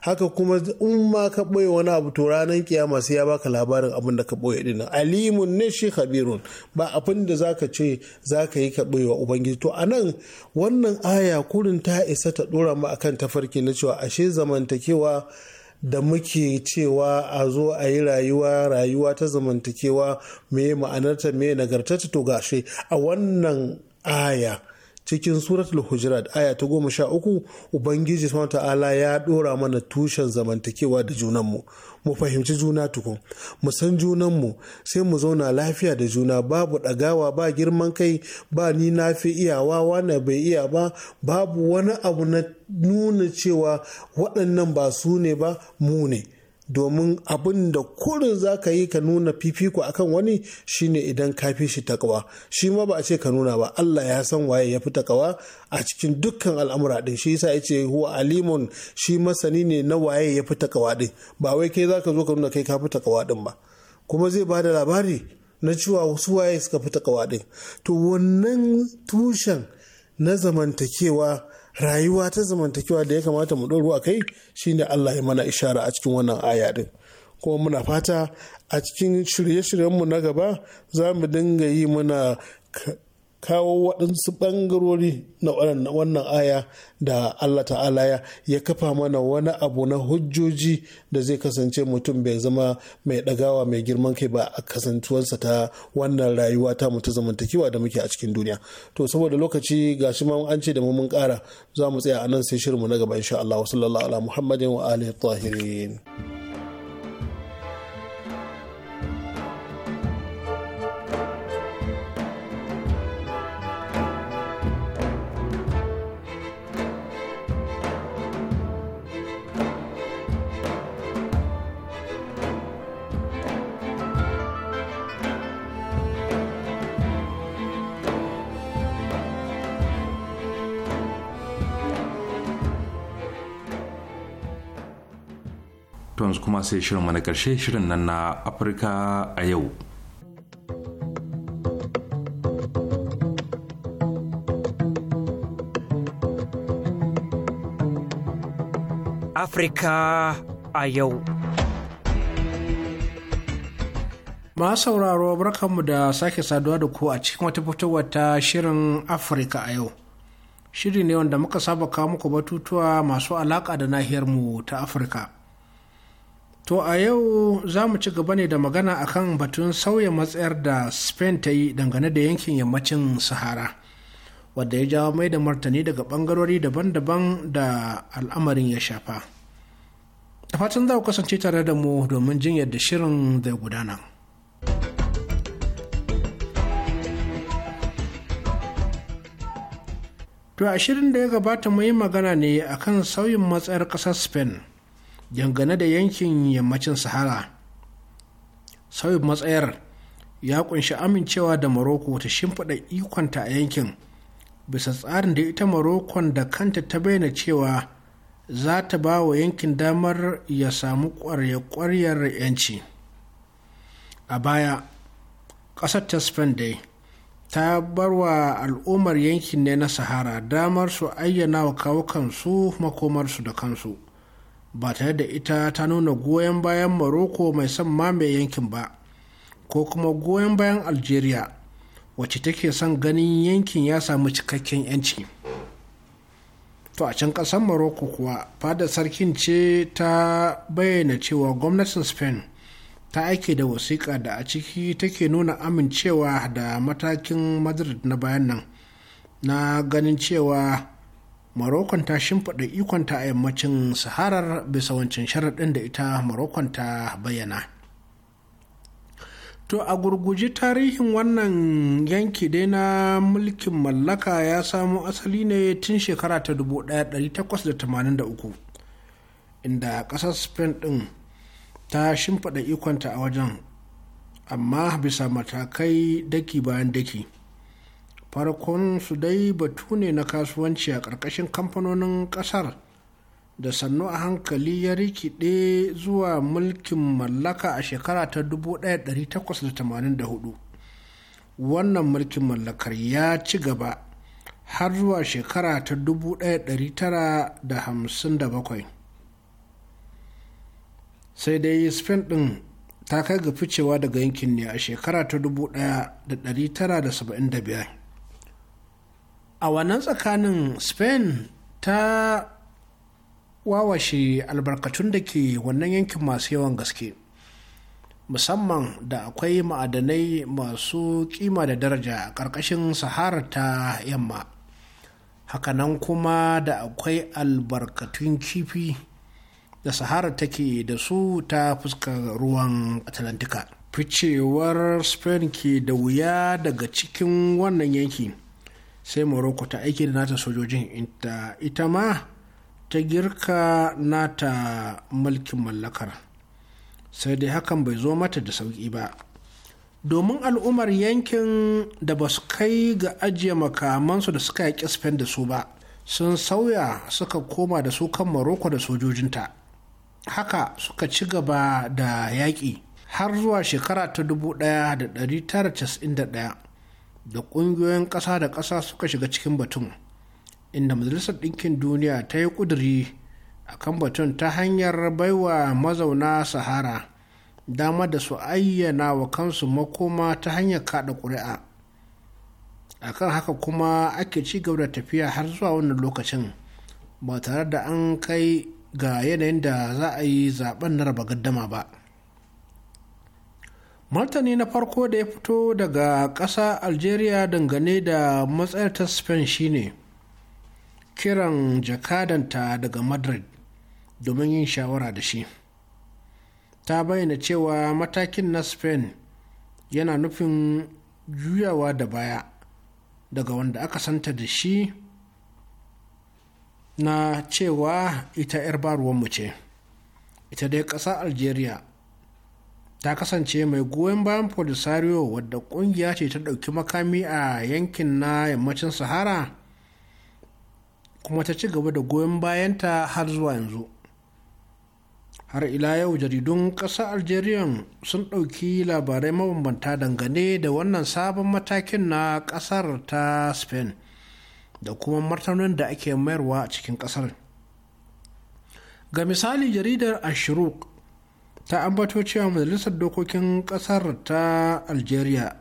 haka kuma in ma ka ɓoye wani abu to ranar kiyama sai ya baka labarin abin da ka ɓoye dinnan alimun ne shi khabirun ba abin da zaka ce zaka yi ka ɓoye wa ubangiji to anan wannan aya kurin ta isa ta ɗora mu akan tafarki na cewa ashe zamantakewa da muke cewa a zo a yi rayuwa rayuwa ta zamantakewa mai ma'anarta mai ta to gashe a wannan aya cikin suratul hujurat aya ta goma sha uku ubangiji ta'ala ya dora mana tushen zamantakewa da junanmu mu fahimci juna tukun mu san junanmu sai mu zauna lafiya da juna babu ɗagawa ba girman kai ba ni na fi iyawa wani bai iya ba babu wani abu na nuna cewa waɗannan ba su ne ba mu ne domin abin da kurin za ka yi ka nuna fifiko akan wani shine idan ka fi shi takawa shi ma ba a ce ka nuna ba Allah ya san waye ya fi takawa a cikin dukkan al'amura din shi yasa yace huwa alimun shi masani ne na waye ya fi takawa din ba wai kai za ka zo ka nuna kai ka fi takawa din ba kuma zai ba da labari na cewa su waye suka fi takawa din to wannan tushen na zamantakewa rayuwa ta zamantakewa da ya kamata mu ɗoru a kai shine Allah ya mana ishara a cikin wannan aya din kuma muna fata a cikin shirye-shiryenmu na gaba za mu dinga yi muna kawo waɗansu ɓangarori na wannan aya da Allah ta'ala ya kafa mana wani abu na hujjoji da zai kasance mutum bai zama mai ɗagawa mai girman kai ba a kasantuwarsa ta wannan rayuwa ta mutu zamantakewa da muke a cikin duniya to saboda lokaci ga shi ma an ce da mu mun kara za mu tsaya a nan sai shirinmu na gaba insha Allah wa sallallahu ala muhammadin wa alihi tahirin to yanzu kuma sai shirin mana karshe shirin nan na afirka a yau afirka a yau Ma sauraro barkanmu da sake saduwa da ku a cikin wata fitowar ta shirin afirka a yau shiri ne wanda muka saba kawo muku batutuwa masu alaƙa da nahiyarmu ta afirka To a yau za mu ci gaba ne da magana akan batun sauya matsayar da Spain ta yi dangane da yankin yammacin Sahara, wadda ya jawo mai da martani daga ɓangarori daban-daban da al'amarin ya shafa. Da fatan za ku kasance tare da mu domin jin yadda shirin zai gudana. To a shirin da ya gabata mu yi magana ne akan sauyin matsayar ƙasar Spain. dangane da yankin yammacin sahara sauyin matsayar ya kunshi amincewa da morocco ta shimfiɗa ikonta a yankin bisa tsarin da ita morocco da kanta ta bayyana cewa za ta ba wa yankin damar ya samu kwarya-kwaryar 'yanci a baya ƙasar ta spain dai ta bar wa al'ummar yankin ne na sahara damar su ayyana wa kawo makomarsu da kansu ba tare da ita ta nuna goyon bayan morocco mai son mamaye yankin ba ko kuma goyon bayan algeria wacce take son ganin yankin ya samu cikakken yanci to a can kasar morocco kuwa fadar sarkin ce ta bayyana cewa gwamnatin spain ta aike da wasiƙa da a ciki take nuna amincewa da matakin madrid na bayan nan na ganin cewa marokon ta shimfiɗa ikonta a yammacin saharar bisa wancan sharaɗin da ita marokon ta bayyana to a gurguji tarihin wannan yanki dai na mulkin mallaka ya samo asali ne tun shekara ta 1883 inda ƙasar spain ɗin ta shimfiɗa ikonta a wajen amma bisa matakai daki bayan daki farkon su dai batu ne na kasuwanci a ƙarƙashin kamfanonin ƙasar da sannu a hankali ya rikide zuwa mulkin mallaka a shekara ta 1884 wannan mulkin mallakar ya ci gaba har zuwa shekara ta 1957 sai dai spain ɗin ta kai ga ficewa daga yankin ne a shekara ta 1975 a wannan tsakanin spain ta wawashe albarkatun da ke wannan yankin masu yawan gaske musamman da akwai ma'adanai masu kima da daraja a ƙarƙashin sahara ta yamma hakanan kuma da akwai albarkatun kifi da sahara take da su ta fuskar ruwan atlantika ficewar spain ke da wuya daga cikin wannan yankin sai morocco ta aiki da nata sojojin ita ma ta girka nata mulkin mallakar sai dai hakan bai zo mata da sauƙi ba domin al'ummar yankin da ba su kai ga ajiye makamansu da suka yaƙi spain da su ba sun sauya suka koma da su kan morocco da sojojinta haka suka ci gaba da yaƙi har zuwa shekara ta 1991 da ƙungiyoyin ƙasa da ƙasa suka shiga cikin batun inda majalisar ɗinkin duniya ta yi ƙuduri a kan batun ta hanyar baiwa mazauna sahara dama da su ayyana wa kansu makoma ta hanyar kaɗa ƙuri'a kan haka kuma ake ci gaba da tafiya har zuwa wannan lokacin ba tare da an kai ga yanayin da za a yi zaben na raba gaddama ba. martani na farko da ya fito daga ƙasa algeria dangane da matsayar ta spain shine kiran jakadanta daga madrid domin yin shawara da shi ta bayyana cewa matakin na spain yana nufin juyawa da baya daga wanda aka santa da shi na cewa ita 'yar baruwanmu ce ita dai ƙasa algeria ta kasance mai goyon bayan polisario wadda kungiya ce ta ɗauki makami a yankin na yammacin sahara kuma ta ci gaba da goyon bayanta har zuwa yanzu har ila yau jaridun ƙasar algeria sun ɗauki labarai mabambanta dangane da wannan sabon matakin na ƙasar ta spain da kuma martanin da ake mayarwa a cikin ƙasar ga misali jaridar ashiruk ta ambato cewa majalisar dokokin kasar ta algeria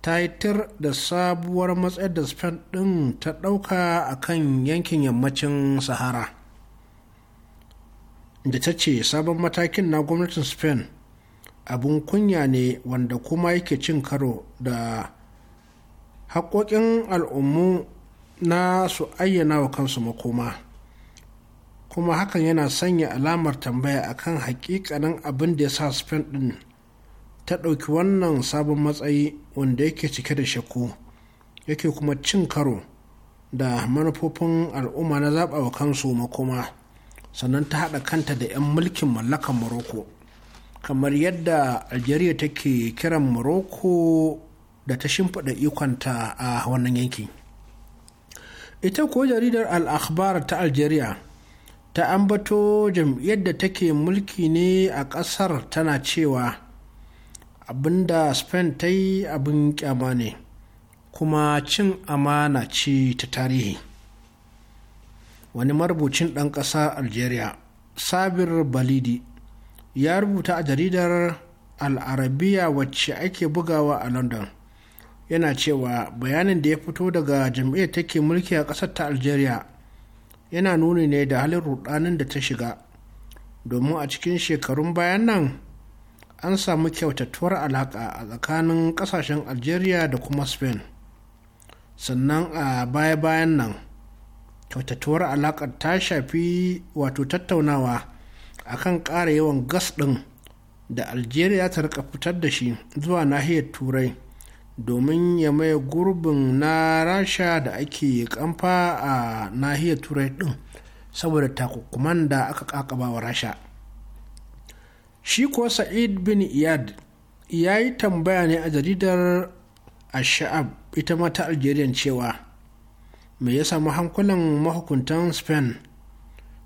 ta yi tir da sabuwar matsayar da spain ɗin ta ɗauka a kan yankin yammacin sahara da ta ce sabon matakin na gwamnatin spain abun kunya ne wanda kuma yake cin karo da haƙoƙin al'ummu na su ayyana wa kansu makoma. kuma hakan yana sanya alamar tambaya akan hakikanin abin da ya sa spain din ta ɗauki wannan sabon matsayi wanda yake cike da shakku yake kuma cin karo da manufofin al'umma na wa kansu makoma sannan ta haɗa kanta da 'yan mulkin mallakan morocco kamar yadda algeria take kiran morocco da ta shimfiɗa ikonta a wannan yanki ita ko jaridar al ta algeria ta ambato jam'iyyar da take mulki ne a ƙasar tana cewa abinda spain ta yi abin kyama ne kuma cin amana ce ta tarihi wani marubucin ɗan ƙasa algeria sabir balidi ya rubuta a jaridar al'arabiya wacce ake bugawa a london yana cewa bayanin da ya fito daga jam'iyyar take mulki a ƙasar ta algeria yana nuni ne da halin rudanin da ta shiga domin a cikin shekarun bayan nan an samu kyautattuwar alaƙa a tsakanin ƙasashen algeria da kuma spain sannan a baya-bayan nan kyautattuwar alaƙa ta shafi wato tattaunawa kan ƙara yawan gas ɗin da algeria ta rika fitar da shi zuwa nahiyar turai domin ya maye gurbin na rasha da ake kamfa a nahiyar turai din saboda takukuman da aka kakaba wa rasha shi ko sa'id bin iyad ya yi tambaya ne a jaridar ash'ab ita mata algerian cewa me ya samu hankulan mahukuntan spain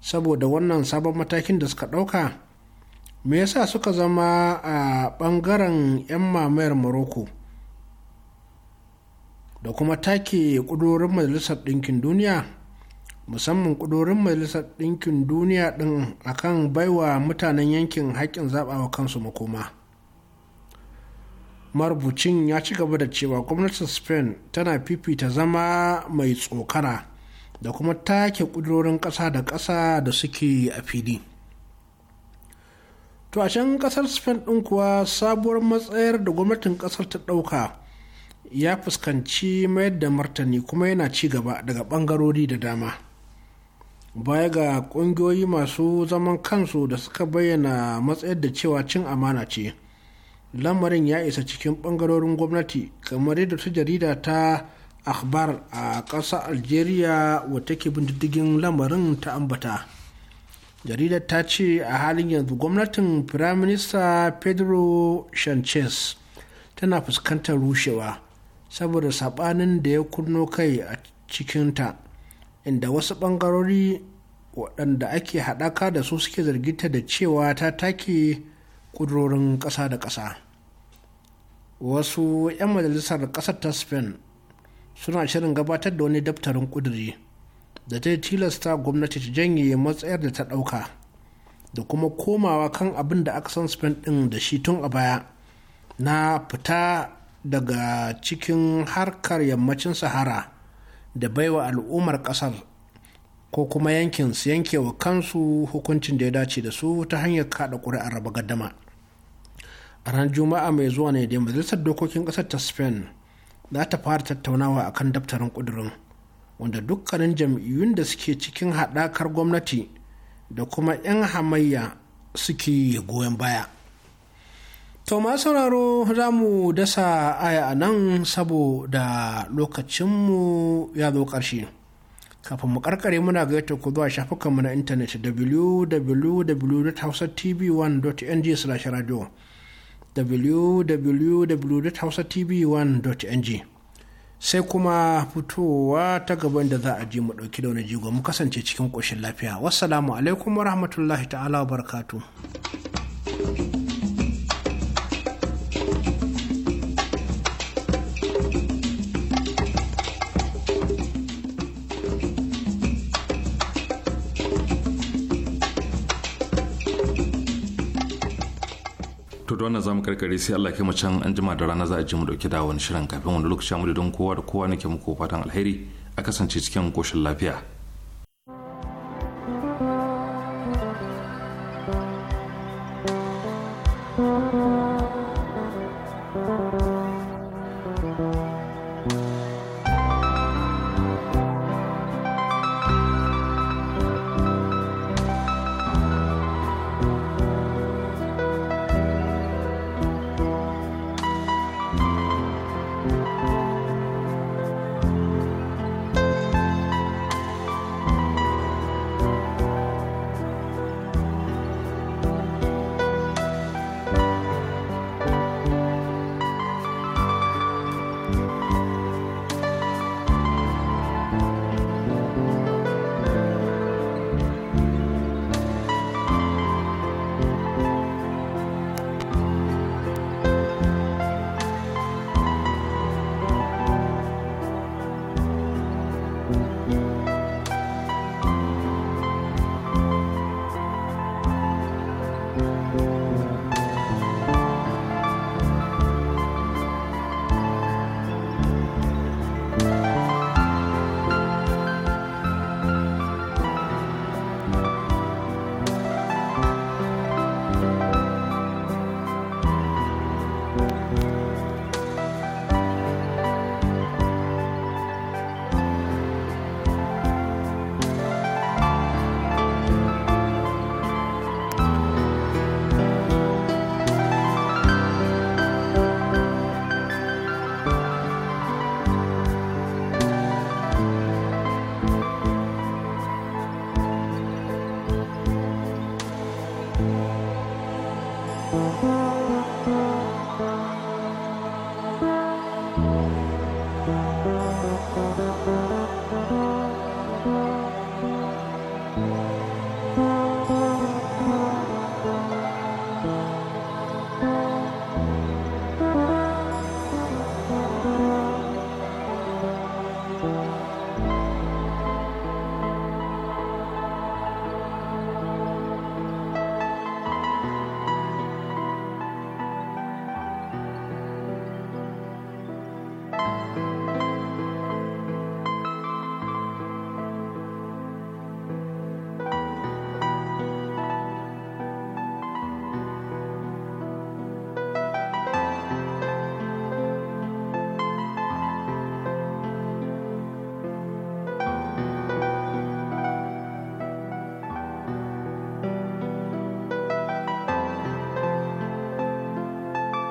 saboda wannan sabon matakin da suka ɗauka me yasa suka zama a ɓangaren 'yan mamayar morocco da kuma take ƙudurorin majalisar ɗinkin duniya musamman ƙudurorin majalisar ɗinkin duniya ɗin akan baiwa mutanen yankin haƙƙin zaɓawa kansu makoma marubucin ya ci gaba da cewa gwamnatin spain tana fifita zama mai tsokara da kuma take ƙudurorin ƙasa da ƙasa da suke a fili. to a can ƙasar spain ɗin kuwa sabuwar matsayar da gwamnatin ƙasar ta ɗauka. ya fuskanci mayar da martani kuma yana ci gaba daga bangarori da dama baya ga kungiyoyi masu zaman kansu da suka bayyana matsayar da cewa cin amana ce lamarin ya isa cikin bangarorin gwamnati kamar yadda ta jarida ta akhbar a ƙasar algeria wata ke bindiddigin lamarin ta ambata jaridar ta ce a halin yanzu gwamnatin firaminista pedro sanchez tana fuskantar rushewa saboda saɓanin da ya kunno kai a cikinta inda wasu ɓangarori waɗanda ake haɗaka da su suke zargita da cewa ta take ƙudurorin ƙasa da ƙasa wasu 'yan majalisar ƙasar ta spain suna shirin gabatar da wani daftarin ƙuduri da ta tilasta gwamnati ta janye matsayar da ta ɗauka da kuma komawa kan abin da aka san spain ɗin da shi tun a baya na fita daga cikin harkar yammacin sahara da baiwa al'ummar ƙasar ko kuma yankin su yanke wa kansu hukuncin da ya dace da su ta hanyar kaɗa ƙuri'ar raba gaddama a ran juma'a mai zuwa ne da majalisar dokokin ƙasar ta spain za ta fara tattaunawa a kan daftarin ƙudurin wanda dukkanin jam'iyyun da suke cikin haɗakar gwamnati da kuma 'yan hamayya suke goyon baya To ma sauraro za mu dasa aya a nan saboda lokacinmu ya zo ƙarshe. Kafin mu ƙarƙare muna yadda ku zuwa shafukanmu na intanet www.hausatv1.ng slash radio www.hausatv1.ng sai kuma fitowa ta gaban da za a ji mu ɗauki da wani jigo mu kasance cikin ƙoshin lafiya. Wassalamu alaikum wa rahmatullahi ta'ala wa barakatuh. to da zamu karkare sai Allah ya can an jima da rana za a je mu dauke da wani shirin kafin wani lokaci mu da don kowa da kowa nake muku fatan alheri a kasance cikin koshin lafiya Bye.